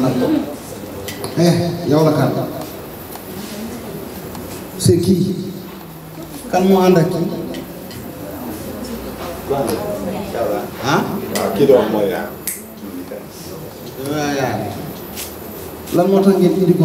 laal laaj ko eh yow kan moo ànd ak kii ah kii doon mooy yaa yaa lan moo tax ngeen indi ko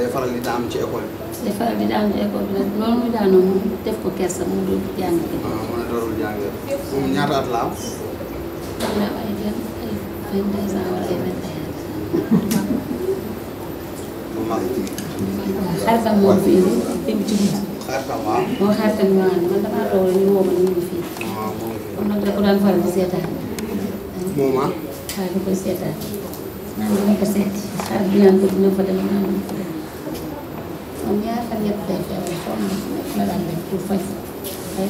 day faral di daanu ci école bi. day faral di daanu ci école bi nag loolu muy daanoo moom def ko kersa mu dul jàng gi. waaw ah, mu ne doonul jàng moom ñaata at la am. am na ay vingt ay vingt deux ans wala ay vingt et un. bu mag xaritam moom fii nii ci guddi. xaritam waaw. moo xaritam ñu naan man damaa loolu ñu woo ma ñu ngi fii. waaw moom kon nag da ko daan faral di seetaan. moom ah. waaw da koy seetaan. naan dina ko seeti xaar bi ñaan ko dina fa dem naan dina ko dem. moom ñaar fan yëpp day feebar sonn la daan def pour faj ay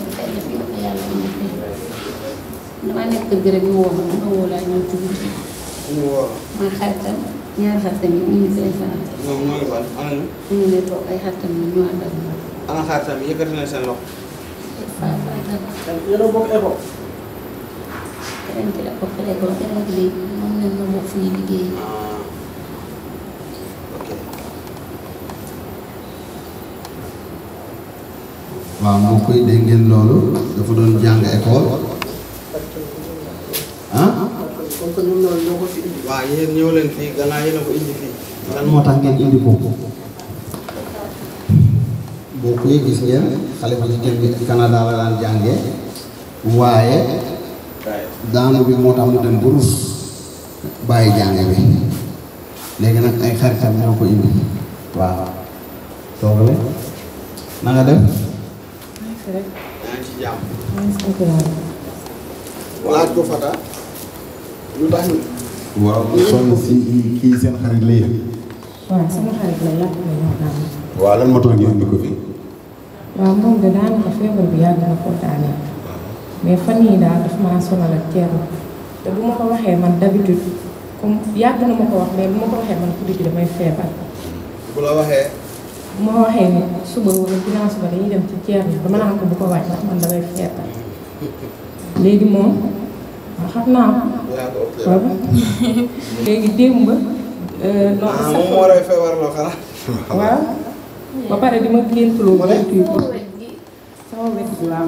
nekk kër rek ñu woo ma ma woo laa ñëw ci guddi. maa xaritam ñaar xaritam yi ñu ngi koy faral. ñoom ñu. ñu toog ay xaritam yi ñu àndal moom. ana xaritam yi yëkkati na seen loxo. waaw waaw d'accord. yéen a moom lañ ma bokk fu liggéey. waaw mbokk yi dégg ngeen loolu dafa doon jàng école ah. moo tax ngeen indi ko. mbokk yi gis ngeen xale bu jigéen bi la daan jàngee waaye daanu bi moo tax mu dem burus bàyyi jàng bi léegi nag ay xaritam ñoo ko indi waaw toogale na nga rek. yaa waaw soxna si kii la yéen. waaw ko feebar bi yàgg na ko mais fan yii daal daf maa sonal ak ceeba te bu ma ko waxee man d'habitude comme yàgg na ma ko wax mais bu ma ko waxee man guddi gi damay feebar. bu la waxee. bu waxee ne suba wala ginnaaw suba dañuy dem ci Thierno dama naan ko bu ko waaj ndax man damay feebar léegi moom xam naa ko. léegi moom moo di ma géntuloo sama wet gi la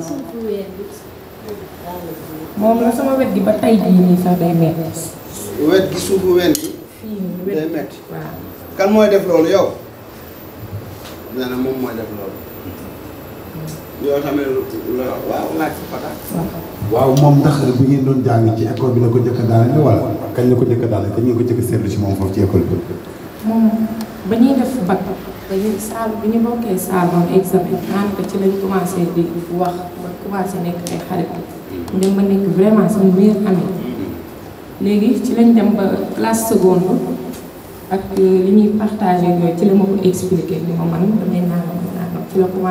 sama wet gi ba tay jii nii sax day metti wet gi suufu wet gi. kan mooy def loolu yow. nee na moom mooy def loolu. yoo xam ne waaw moom ndax bi ngeen doon jàng ci école bi la ko njëkk a daanaka wala kañ la ko njëkk a daanaka kañ ngeen ko njëkk a seetlu ci moom foofu ci école bi. moom ba ñuy def bac dañuy saal bi ñu bokkee saal moom examen daanaka ci lañ commencé di wax ba commencé nekk ay xarit ñu dem ba nekk vraiment suñu meilleur ami mm-hmm. léegi ci lañ dem ba classe seconde. ak euh, li ñuy partagé yooyu ci la ma ko expliqué ni ma man damay naan naan ci la ko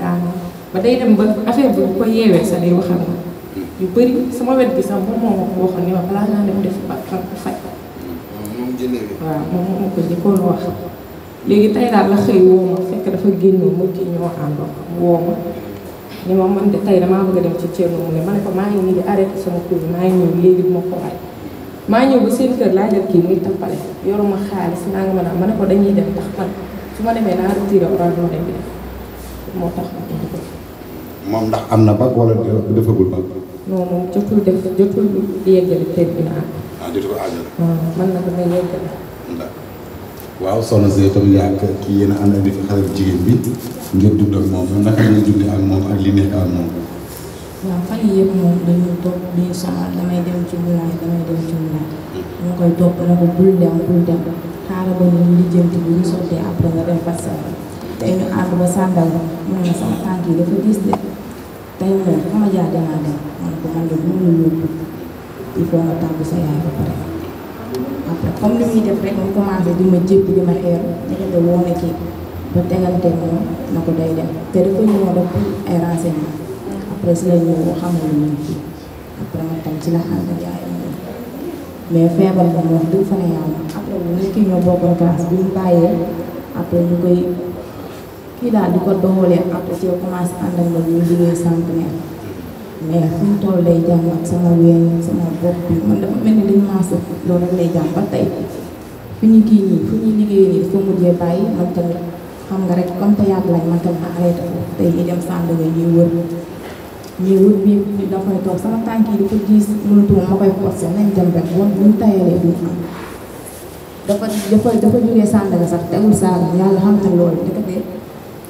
daanoo ba day dem ba affaire bi bu ko yeewee yu bëri sama wet bi sax moom moo ma ko waxoon ni ma balaa naa ba tey daal la xëy woo dafa génnoon mu kii ñoo man de tey damaa bëgg a dem ci Thierno mu ne ma ne ko maa ngi nii di arrêté sama cours maa ngi ñëw léegi bu ko waay. maa ñëw ba seen kër laa jël kii muy tappale yoruma xaalis naa nga mën a ma ne ko dañuy dem tax man su ma demee naa retiré orange money bi moom ndax am na bag wala defagul bag. non moom def jotul yeggali terminal. ah jotul ko àggale. man na ko may yeggali. waaw soxna si itam yaa ngi kii yéen a ànd ak xale bu jigéen bi ngir dund ak moom naka ngeen dundee ak moom ak li nekk ak moom. waaw fan yii moom dañuy topp dañuy sonal damay dem ci village damay dem ci village. ñu mm-hmm. koy topp na ko bul dem xaaral ba ñu lijjanti bi ñu sottee après nga dem Barcelone. tey ñu ànd ba sàndal mu ne sama tànk yi dafa gis de tey moom fa jaar danaa dem man ko man de mënul yóbbu il faut nga tàggu sa yaay ba pare. après comme li muy def rek mu commencé di ma jéppi di ma xeer ndekete ba tegante moom na ko day dem te dafa ñëw def ay renseignements. président bi moo xamal ne ñu ci après ma tam ci la xam ne jaay mais feebar bi moom du fa ne yàlla après bu ñu kii ñoo bokkoon classe bi mu bàyyee après ñu koy ko doxalee après mais fu mu toll lay jàmbat sama ween sama bopp bi man dafa mujjee bàyyi man tamit xam nga rek comme te lañ man tamit arrêté ko tey ñu dem sànd ñuy wër lii wut bii bi da koy toog sama tànk yi di ko diis mënatuma ma koy forcé nañ dem rek bu ñu tayalee duñ am dafa dafa dafa jógee Sandaga sax te amul yàlla xam loolu ndekete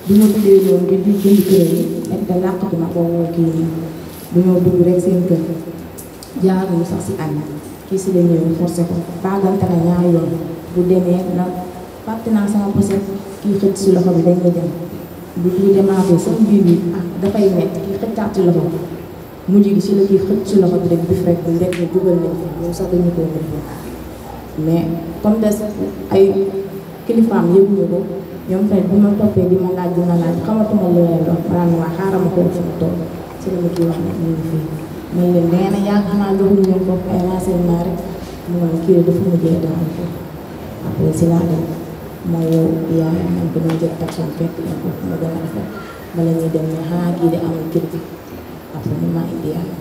bi ma duggee loolu di jënd kër yi ak da làqatu ma boo kii nii dañoo dugg rek seen kër jaaruñu sax si ànd kii si la ñëw forcé ko baagante na ñaari yoon bu demee nag fàtte naa sama poset kii xëcc si loxo bi dañuy dem bu ñu demaatee sax mbir mi dafay nekk kii xëccaat ci loxo mujj gi si la kii xëcc ci loxo bi dugal nañ ko sax dañu koy def mais comme des ay kilifaam yëguñu ko ñoom tamit leen doon maanaam waa xaaral ma koo sama tool si la rek mu ne kii dafa mujjee daal après si laa dem mooy yow yaa man bi may jël personne fekk na ko nga gën a bala ñuy dem ne xanaa di amul kër gi après ñu maa indi yàlla.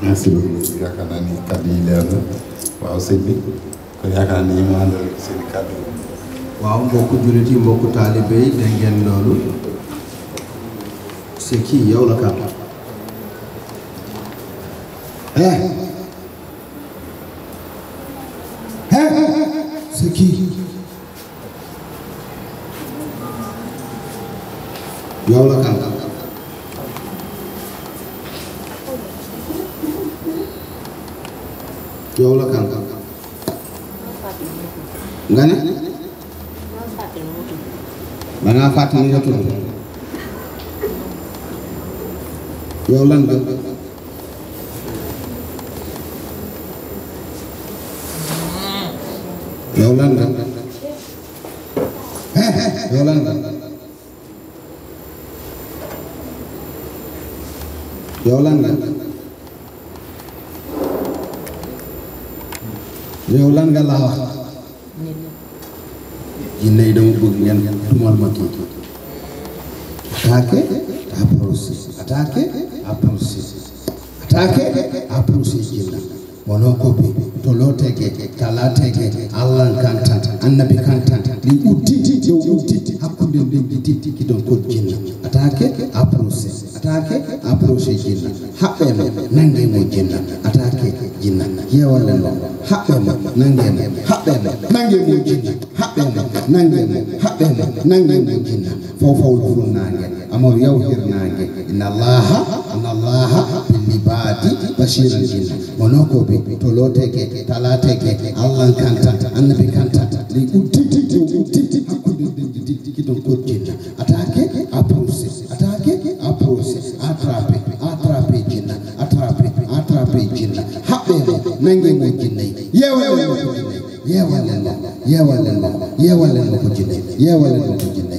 merci beaucoup yaakaar naa ni kàddu yi leer na waaw sëñ bi kon yaakaar naa ni ñu àndal seen kàddu waaw mbokku jullit yi mbokku taalibe yi dégg ngeen kii. laata li nga jinna atake approché atake approché jinna haɓɓe mo nangemo jinna atake jinna yewale mo haɓɓe mo nangemo haɓɓe mo nangemo jinna haɓɓe mo nangemo haɓɓe mo nangemo jinna fofowol ful nangue amor yawhir nangue inna allaha inna allaha libadi basiran jinna wono ko ɓe to loteke talateke allah kanta annabi kanta ɗi ɗum tigtigti ɗum tigti yeewal leen ma ko jinne yeewal leen ma ko jinne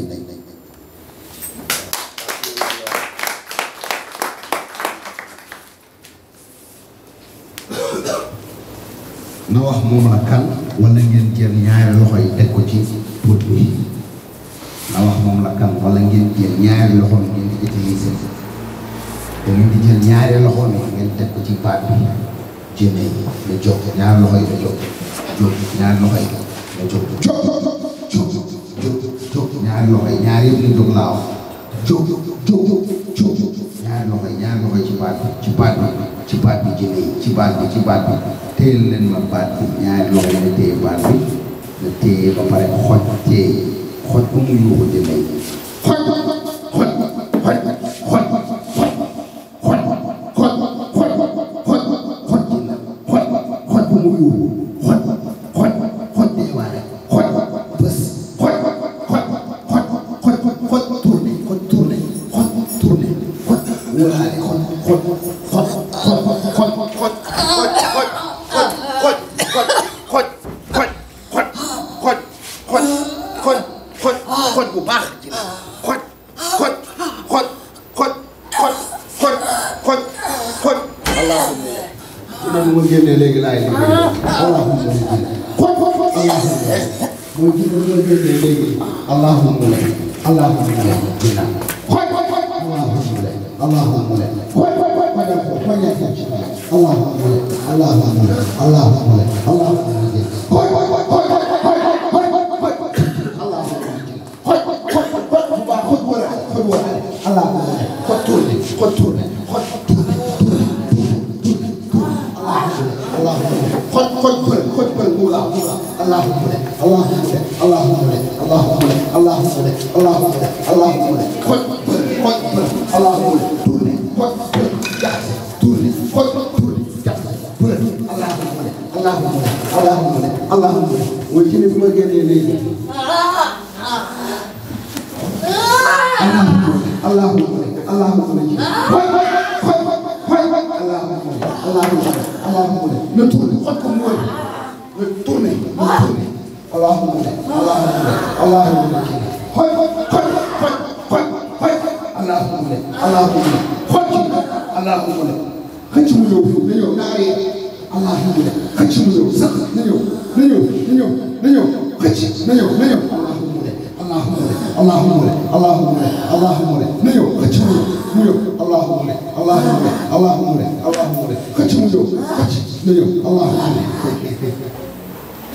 na wax moom la kan wala ngeen jël ñaari loxo yi teg ko ci pot bi na wax moom la kan wala ngeen jël ñaari loxo yi ngeen di utiliser da ngeen di jël ñaari loxo yi ngeen teg ko ci baat bi jinne yi nga jóg ñaari loxo yi nga jóg jóg ñaari loxo yi nga jóg jóg ñaari loxo yi ñaari yëpp ñu jóg laa loxo yi ñaari loxo yi ci baat bi ci baat bi ci baat bi jëlee ci baat bi ci baat bi téyel leen ma baat bi ñaari loxo yi la téye baat bi la téye ba pare xoj téye xoj ba mu yuuxu jëlee xoj allahu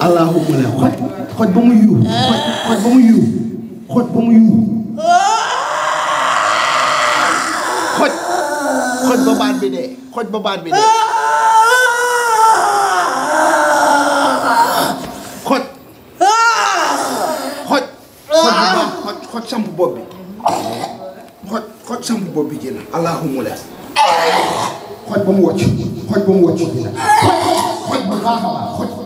allahuma la xoj xoj ba mu yuux xoj ba mu yuux xoj ba mu yuux xoj xoj ba baat bi dee xoj ba baat bi dee xoj xoj xoj bu baax xoj xoj samp bopp bi xoj xoj samp bopp bi jënd allahuma la xoj ba mu wocc xoj ba mu wocc dina xoj xoj bu baax a baax xoj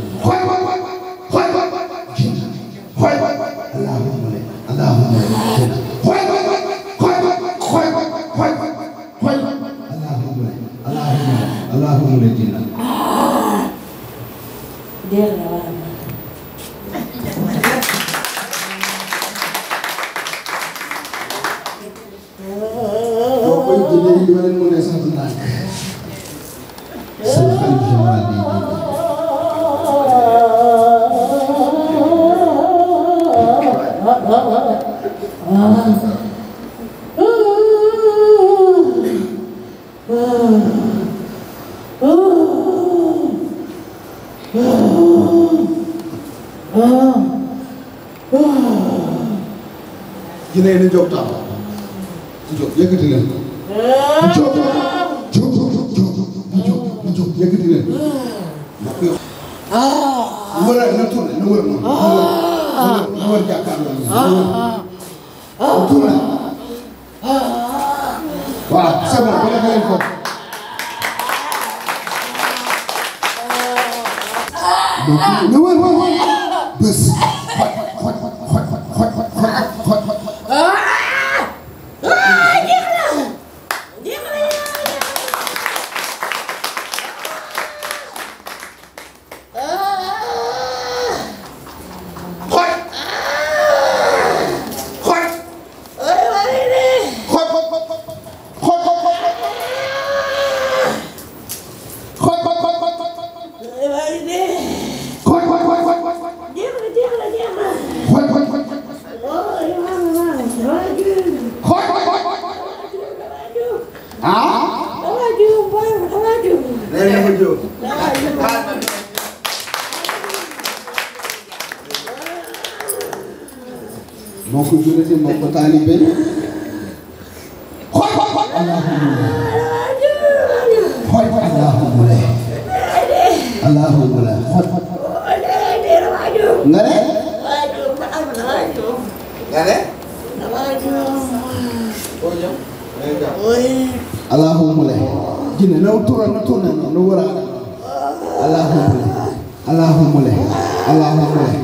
yëkkati leen. lu war a na tourné lu war a noonu. lu war a jàkkaarloo noonu. Ah. Ah. tourné. Ah. waaw c'est bon. لو ترى ترى نورا اللهم له اللهم له اللهم له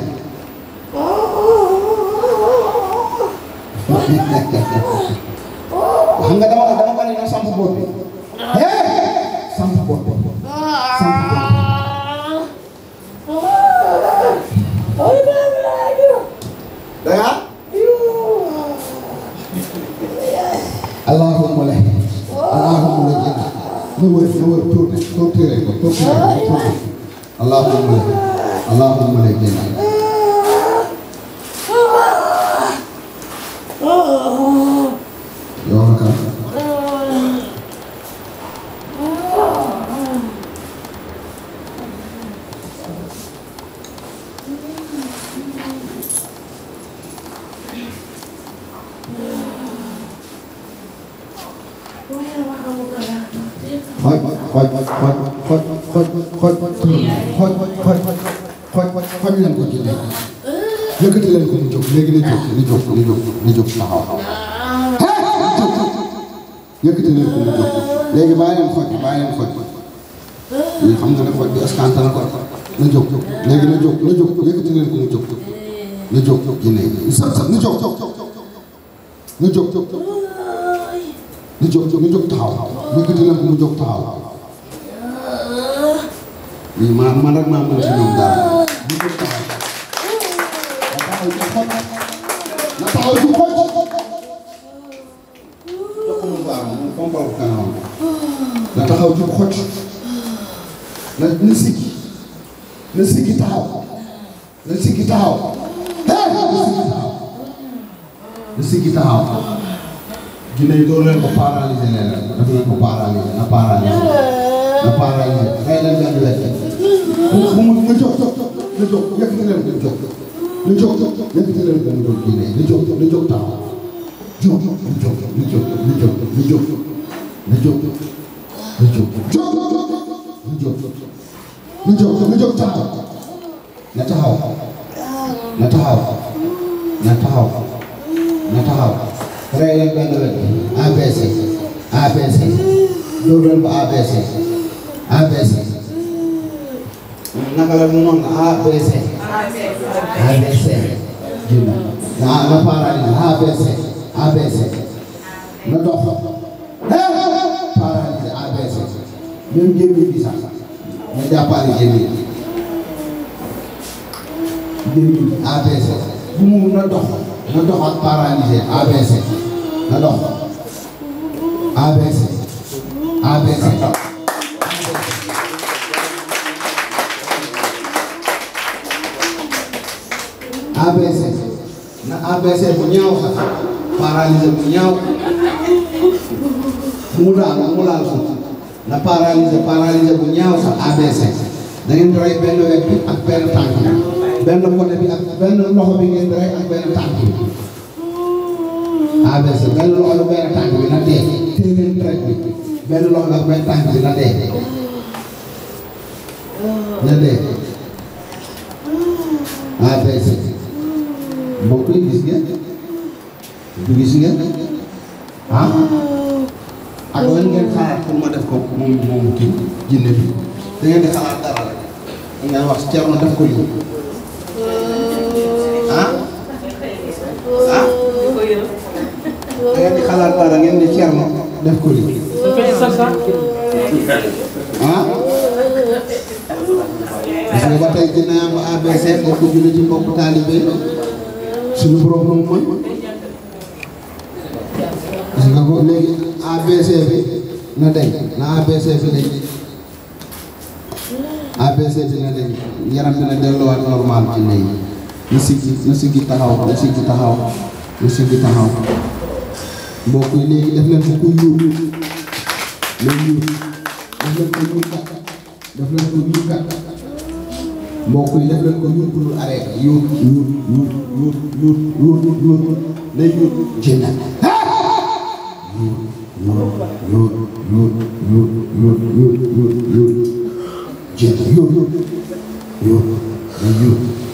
Hot, hot, hot, hot, hot, hot, hot, hot, hot, hot leen ko jëlee yëkkati leen ko mu jóg léegi na jóg na jóg na jóg na jóg taxaw yëkkati leen ko mu jóg léegi bàyyi leen xoj bi bàyyi leen xoj bi xam nga ne xoj bi est-ce que antan ko na jóg léegi na jóg na jóg yëkkati leen ko mu jóg na jóg jinne sax sax na jóg na jóg ñu jóg ñu jóg taxaw yëkkati leen ko mu jóg taxaw lii maa man rek maa mën si ñoom daal ñu jóg taxaw na taxaw ju xoj jox ko mu baax mu pompal ko kanam na taxaw ju xoj na na siggi na siggi taxaw na siggi taxaw na siggi taxaw jinne yi doon leen ko paralysé leen daf leen ko paralysé na paralysé na paralysé xëy na leen lekk bu mu na jóg na jóg yëkk na leen dem jóg na jóg yëkk na leen dem jóg jinne na jóg na jóg taxaw jóg na jóg na jóg na jóg na jóg na jóg na jóg jóg na jóg na jóg na jóg taxaw na taxaw na taxaw na taxaw na taxaw rey leen benn wet ABC ABC dóor leen ko ABC ABC naka la mu noonu ABC ABC dina na na paaraan na ABC ABC na dox paaraan na ABC même jëmmi bi sax na jàppale jëmmi jëmmi ABC bu mu na dox na dox ak paralysé ABC Alors, ABC. ABC. ABC. na ABC bu ñaaw sax paralysé bu ñaaw mu daal mu laal suuf na paralysé paralysé bu ñaaw sax ABC da ngeen di benn wet bi ak benn tànk bi benn côté bi ak benn loxo bi ngeen di ak benn tànk ABC ah, benn loxo la benn tànk bi na dee téye leen traite benn loxo la benn tànk bi na dee na dee ABC ah, mbokk yi gis ngeen du gis ngeen ah ak ah, lan ngeen xalaat pour ma def ko moom moomu kii jinne bi da ngeen xalaat dara rek ngeen wax Thierno def ko lii. xalaat dara ngeen ne Thierno def ko lii. ah. parce que ba tey dina am ABC bokk jullit ci mbokk taalibe suñu borom moom mooy. parce que léegi ABC bi na deñ na ABC bi deñ ABC bi na deñ yaram bi na delluwaat normal ci léegi. na siggi na siggi taxaw na siggi taxaw na siggi taxaw. mbokk yi léegi def leen ko kuy yuub lay yuub def leen ko yuubkat def leen ko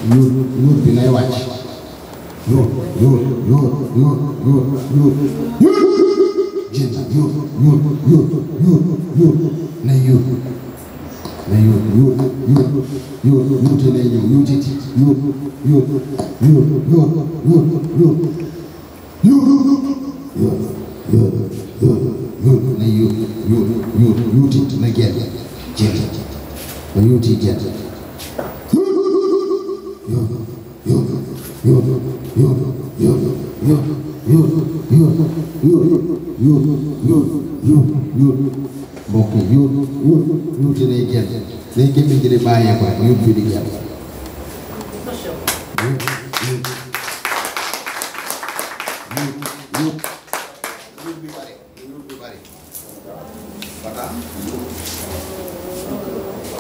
yuubkat lay wàcc yut yut yut yut yut yut yut jën yut yut yut yut yut na yut na yut yut yut yut yuti na ñëw yutiti yut yut yut yut yut yut yut yut yut yut yut na yut yut yut yutit na gen jën na yuti gen yut yut yut yut mbokk yi yuut yuut yuute day génn day génn ji di bàyyeekoo ak yuut bi di génn.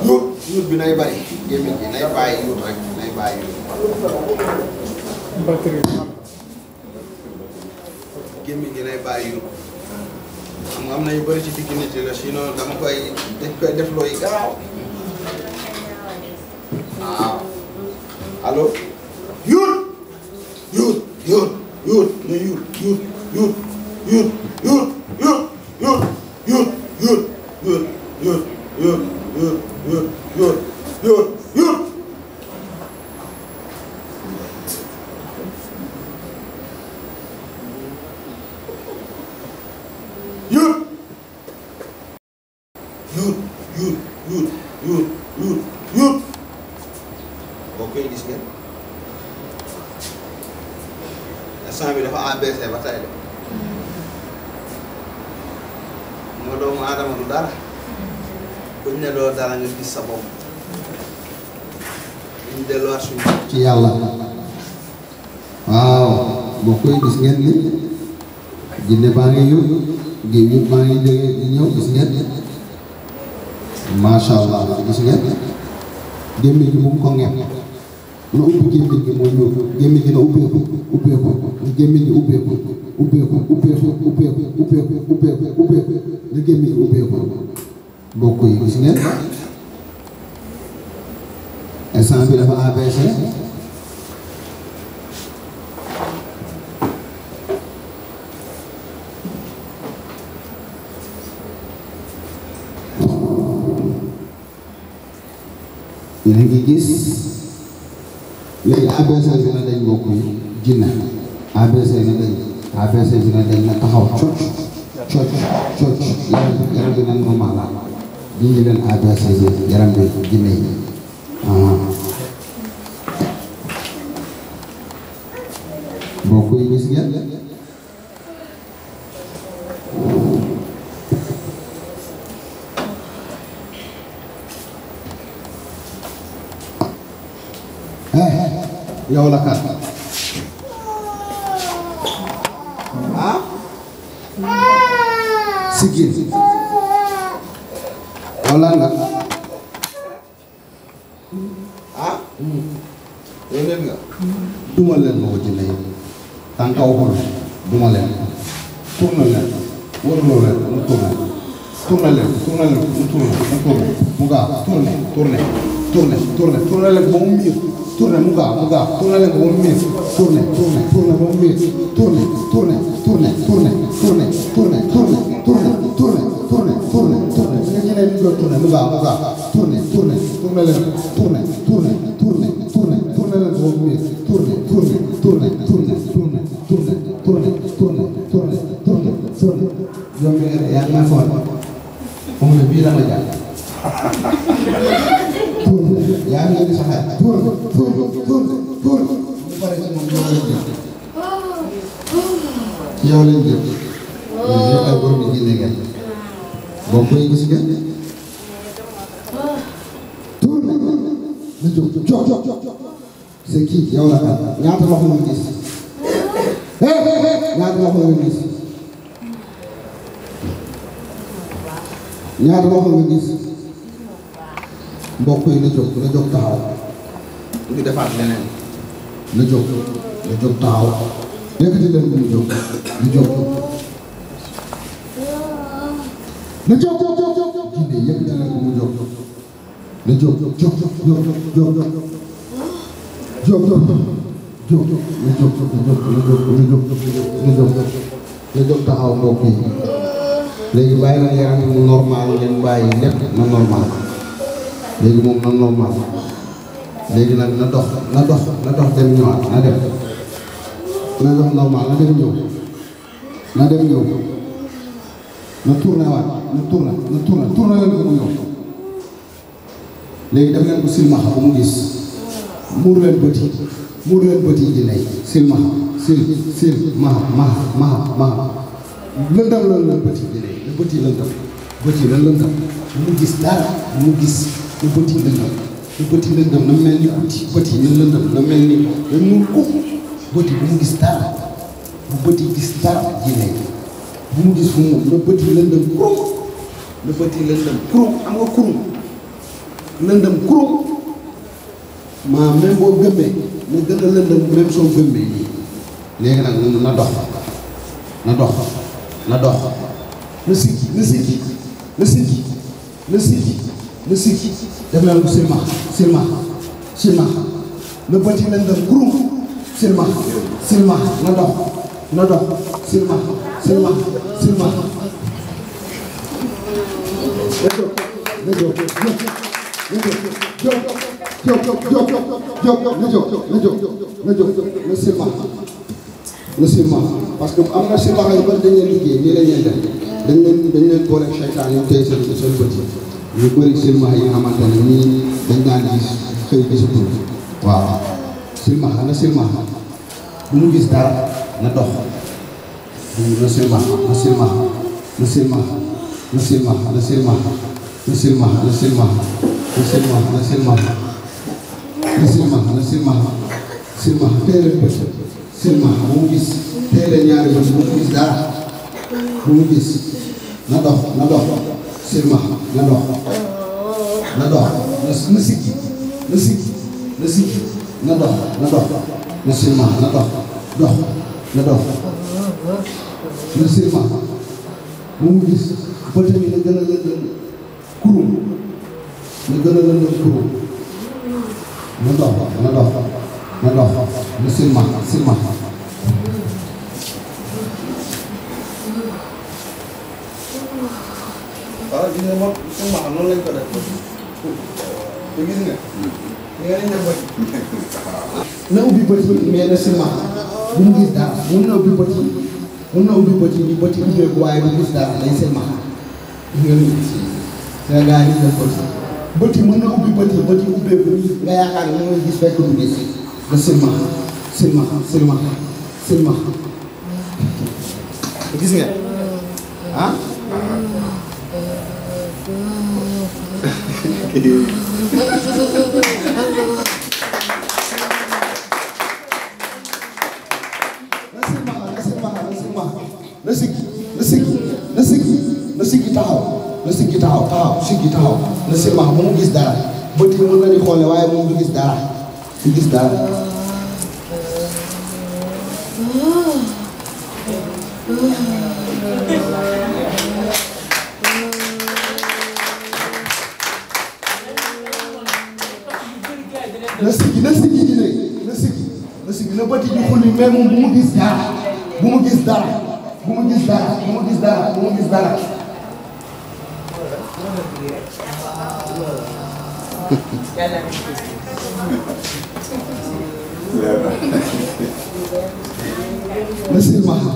yuut yuut bi nay bari gémmiñ gi nay bàyyi yuut rek nay bàyyi yuut gémmiñ gi lay bàyyi yu xam nga am na yu bëri ci digg nit yi la sinon dama koy dañ koy def looy garaaw waaw allo yuut yuut yuut yuut ne yuut yuut yuut yuut yuut macha allah gis ngeen gémmiñ gi mu ko ngeen ubbi gémmiñ gi mooy ñëw gémmiñ gi na ubbeeku ubbeeku gémmiñ gi ubbeeku ubbeeku ubbeeku ubbeeku ubbeeku ubbeeku ubbeeku na gémmiñ gi ubbeeku mbokk yi gis ngeen instant bi dafa AVC yéen a ngi gis léegi ABC dina dañ mbokk yi jinne ABC dina dañ ABC dina dañ na taxaw cocc cocc cocc yaram yaram bi na normal la dindi leen ABC bi yaram bi jinne yi mbokk ah. yi yow la kan ah sigil yow lan la ah yow nga duma leen ma ko jëlee tànka waxul duma leen tourne leen waruloo leen mu tourne tourne leen tourne leen mu tourne mu tourne mu gaaw tourné tourné tourné tourné tourné leen ba mu miir tourné mu gaaw mu gaaw tourné leen ba mu miir tourné tourné tourné ba mu miir tourné tourné tourné tourné tourné tourné tourné tourné tourné tourné tourné tourné ñu ñeneen ñu doon tourné mu gaaw mu gaaw tourné tourné tourné leen tourné tourné tourné tourné tourné leen ba mu miir tourné tourné tourné tourné tourné tourné tourné tourné tourné tourné tourné yow yaa ngi naan foofu moom la bii la ma jàpp yaa ngi indi sa xel tuur tuur tuur tuur bu paree ci moom yow lañ jëm yow ay borom yi génne ngeen boo koy gis ngeen tuur na jóg jox jox c'est kii yow la kan ñaata loxo nga gis ñaata loxo nga gis ñaata loxo nga gis mbokk yi na jóg na jóg taxaw ñu defaat leneen na jóg na jóg taxaw yëkkati leen ko mu jóg na jóg na jóg jóg jóg jóg jóg jinde yëkkati leen ko mu jóg na jóg jóg jóg jóg jóg jóg jóg jóg jóg na jóg na jóg na jóg na jóg na jóg taxaw mbokk yi léegi bàyyi na yaram mu normal ngeen bàyyi lépp na normal léegi moom na normal léegi na dox na dox na dox dem ñëwaat na dem na dox normal na dem ñëw na dem ñëw na tourné waat na tourné na tourné leen ko mu ñëw léegi def leen ko silmaxa bu mu gis muur leen bët yi muur leen bët yi di lay silmaxa sil sil maxa maxa maxa maxa lëndam lan lan bët yi di bët yi lëndam bët yi lan lëndam mu gis dara mu gis lu bët yi lëndëm lu bët yi lëndëm na mel ni bët bët yi na lëndëm na mel ni na bu mu gis dara bu bët yi gis dara jinne bu mu gis fu mu na bët lëndëm kurum na bët lëndëm kurum am nga kurum boo gëmmee na gën a lëndëm même soo gëmmee nii léegi nag na dox na dox na dox na sikki na sikki na sikki na sikki le sikk def leen ko silmax silmax silmax le bëti lëndëm kurum silmax silmax na dox na dox silmax silmax silmax na jóg na jóg na silmax na silmax parce que am na silmax yu bëri dañ leen liggéey nii la ñuy def dañ leen dañ leen boole seytaan yi tey seen seen bët ñu bëri silmaxa yi nga xamante ne nii dañ daan gis xëy gisatul waaw silmaxa na silmaxa bu mu gis dara na dox na silmaxa na silmaxa na silmaxa na silmaxa na silmaxa na silmaxa na silmaxa na silmaxa na silmaxa na silmaxa na silmaxa silmaxa teere bët silmaxa bu mu gis teere ñaari bët bu mu gis dara bu mu gis na dox na dox silma na dox na dox na sikki na sikki na sikki na dox na dox na silma na dox dox na dox na silma mu mu gis bëtam yi na gën a lëndëm kurum na gën a lëndëm kurum na dox na dox na dox na silma silma waaw gis nga moom suñu mbaax noonu lañ ko def te gis nga. ñu ngi leen di gis nga lu nga gaa nga gis nga ah. Mm. na sigg na sigg na sigg na sigg taxaw na sigg taxaw taxaw sigg taxaw na silmax ba mu gis dara bët yi mën na xoole waaye moom du gis dara du gis dara mais moom bu mu gis dara bu mu gis dara bu mu gis dara bu mu gis dara bu mu gis dara. na silmaxa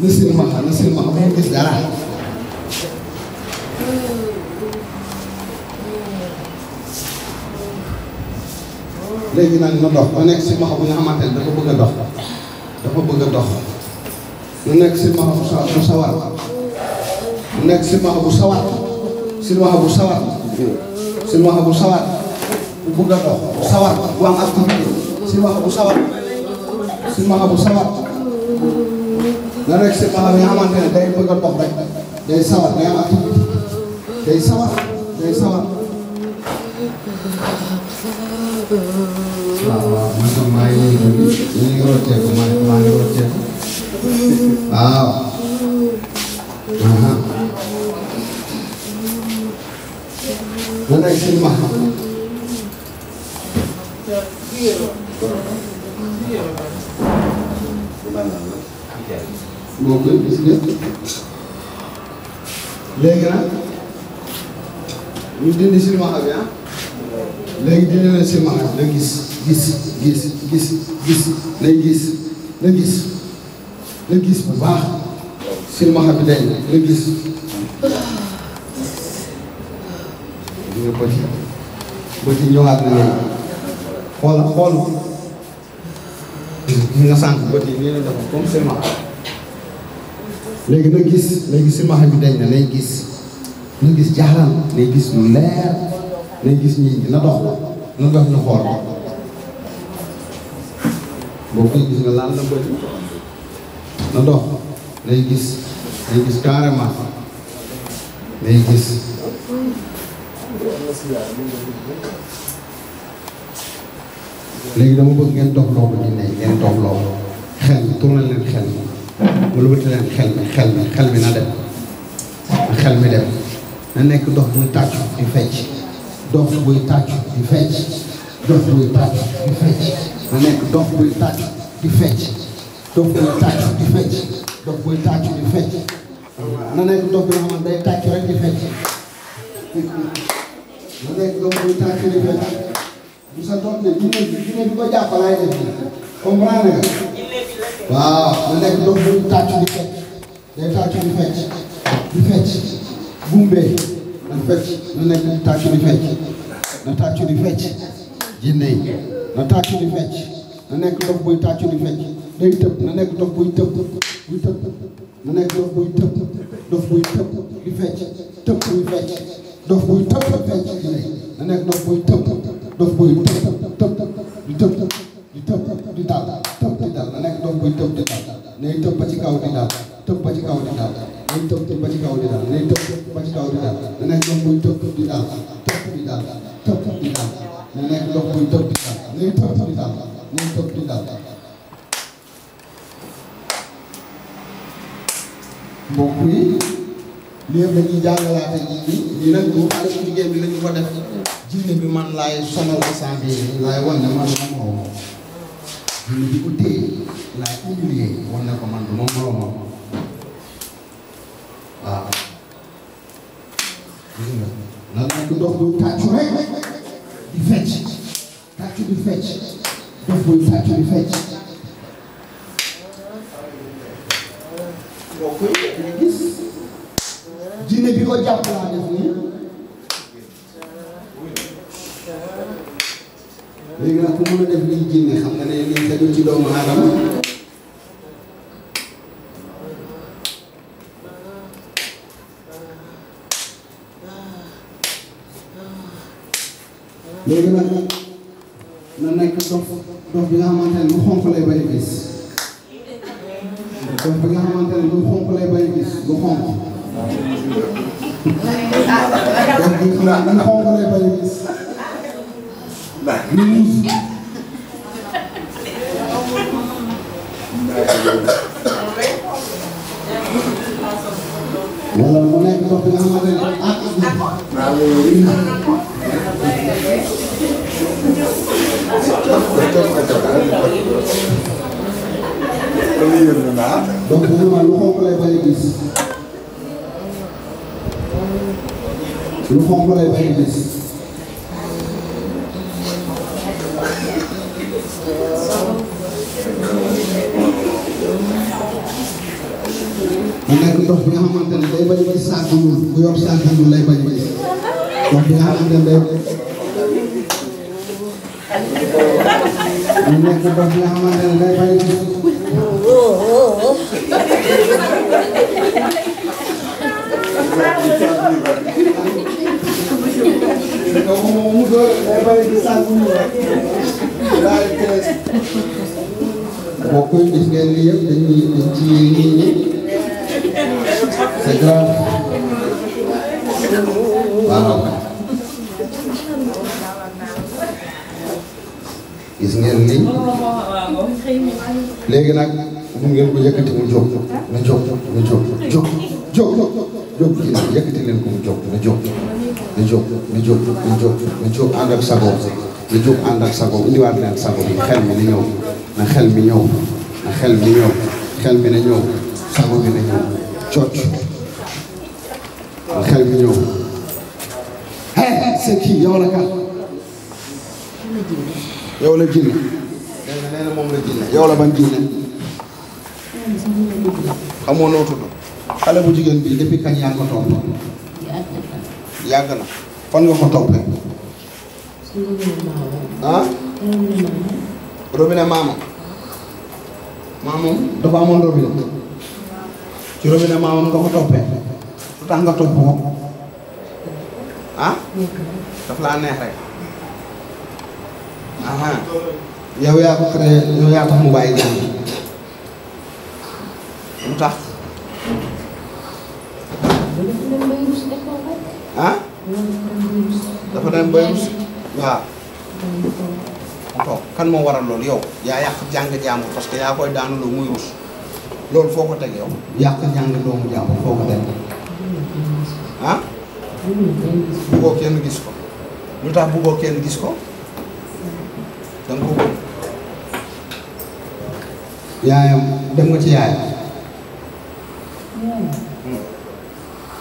na silmaxa na silmaxa bu mu gis dara. léegi nag na dox ba nekk silmaxa bu nga xamante ne dafa bëgg a dox. dafa bëgg a dox lu nekk si maxa bu sa bu sawar lu nekk si maxa bu sawar si maxa bu sawar si maxa bu sawar bu bëgg a dox bu sawar bu am activité si maxa bu sawar si maxa bu sawar nga nekk si maxa bi nga xamante ne day bëgg a dox rek day sawar day am activité day sawar day sawar waaw waaw man tam maa ngi ñu ngi rotteeku ma ne maa ngi rotteeku waaw na nekk si ma moo koy gis nga léegi nag ñu dindi silmaxa bi ah léegi dindi leen silmaxa nga gis gis gis gis gis gis na gis na gis bu baax silmaxa bi day na gis xool xool gis nga sànq gis léegi silmaxa bi dañ na gis na gis jaaxlan gis lu leer lay gis nii na dox na dox ñu xool boo koy gis nga laal na ko na dox day gis day gis carrément day gis léegi dama bëgg ngeen dox loo ko di ne ngeen dox loo xel mi tourné xel mi wala wëti leen xel mi xel mi xel mi na dem na xel mi dem na nekk dox buy tàcc di fecc dox buy tàcc di fecc dox buy tàcc di fecc na nekk dox buy tàcc di fecc dox buy tàcc di fecc na nekk dox bi nga di fecc na nekk dox buy tàcc di fecc bu sa ne jinne jinne bi ko jàpp laay def comprendre waaw na nekk dox buy tàcc di fecc day tàcc di di fecc bumbee na fecc na nekk tàcc di fecc na tàcc di fecc jinne na tàccu di fecc na nekk dof buy tàccu di fecc day tëb na nekk dof buy tëb buy tëb na nekk dof buy tëb dof buy tëb di fecc tëb buy fecc dof buy tëb fecc di lay na nekk dof buy tëb dof buy tëb tëb di tëb di tëb di dal tëb di dal na nekk dof buy tëb di dal nay tëb ba ci kaw di dal tëb ba ci kaw di dal nay tëb ba ci kaw di dal nay tëb ba ci kaw di dal na nekk dof buy tëb ñuy jàngalaate ji bi ñu nag bu xale bu jigéen la ñu man laay sonal instant bii laay wan ne man moom moom jinne bi ko téye laay humilier wan ne ko man du ma moroomam waaw gis nga nan la di fecc tàccu di fecc dox buy tàccu di fecc jinne bi ko jàpp laa def nii léegi nag ku mën a def lii jinne xam nga ne lii dañu ci doomu aadama léegi nag na nekk dof dof bi nga xamante ne lu xonq lay bañ a gis dof bi nga xamante ne lu xonq lay bañ a gis lu xonq man xaw ma lay bay bis. ndax mbokk yi gis ngeen lii yëpp dañuy dañ ci nit ñi c'est grave waaw gis ngeen lii léegi nag ñu ngeen ko yëkkati mu jóg na jóg na jóg jóg jóg jóg kii na yëkkati leen ko mu jóg na jóg na jóg jóg jóg jóg ànd ak sago na jóg ànd ak sago indiwaat leen sago bi xel na ñëw na xel mi ñëw na xel mi ñëw xel mi na ñëw sago bi na ñëw cooc na xel mi ñëw hey c'est yow la kan yow na jinne yow la ban jinne xamoo noo tudd xale bu jigéen bi depuis kañ yaa ngi topp yàgg na fan nga ko toppee ah maamam maamam dafa amoon robinet ci robinet maamam nga ko toppee lu tax nga topp ko ah daf laa neex rek aha yow yaa ko créé yow yaa tax mu bàyyi jàng lu tax. ah. dafa dem bay rus waaw. mu toog kan moo waral loolu yow yaa yàq jàng jaamu parce que yaa koy daanu muy rus loolu foo ko teg yow yàq jàng doomu jaamu foo ko teg ah. bëggoo kenn gis ko. lu tax bëggoo kenn gis ko danga ko bëgg. yaayam dem nga ci yaayam.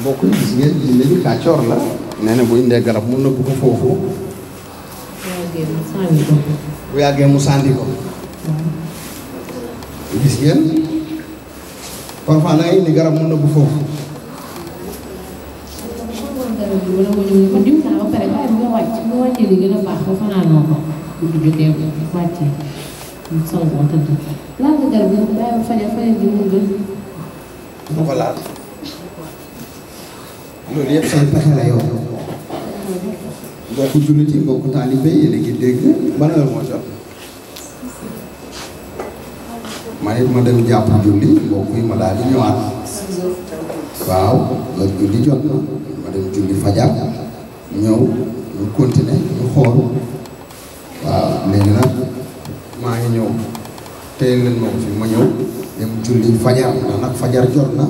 mbokk yi gis ngeen jinne bi la nee na bu indee garab mun na bu ko foofu bu yàggee mu sànni ko gis ngeen parfois na indi garab mun na bu foofu bu ko laal loolu yëpp seen pexe la yow. mbokku jullit yi mbokku taalibe yéen a ngi léegi ban heure moo jot. ma it ma dem jàpp julli mbokk yi ma daal di ñëwaat. waaw heure julli jot na ma dem julli fajar ñëw ñu continuer ñu xool waaw léegi nag maa ngi ñëw tey leen ma ko fi ma ñëw dem julli fajar nag fajar jot na.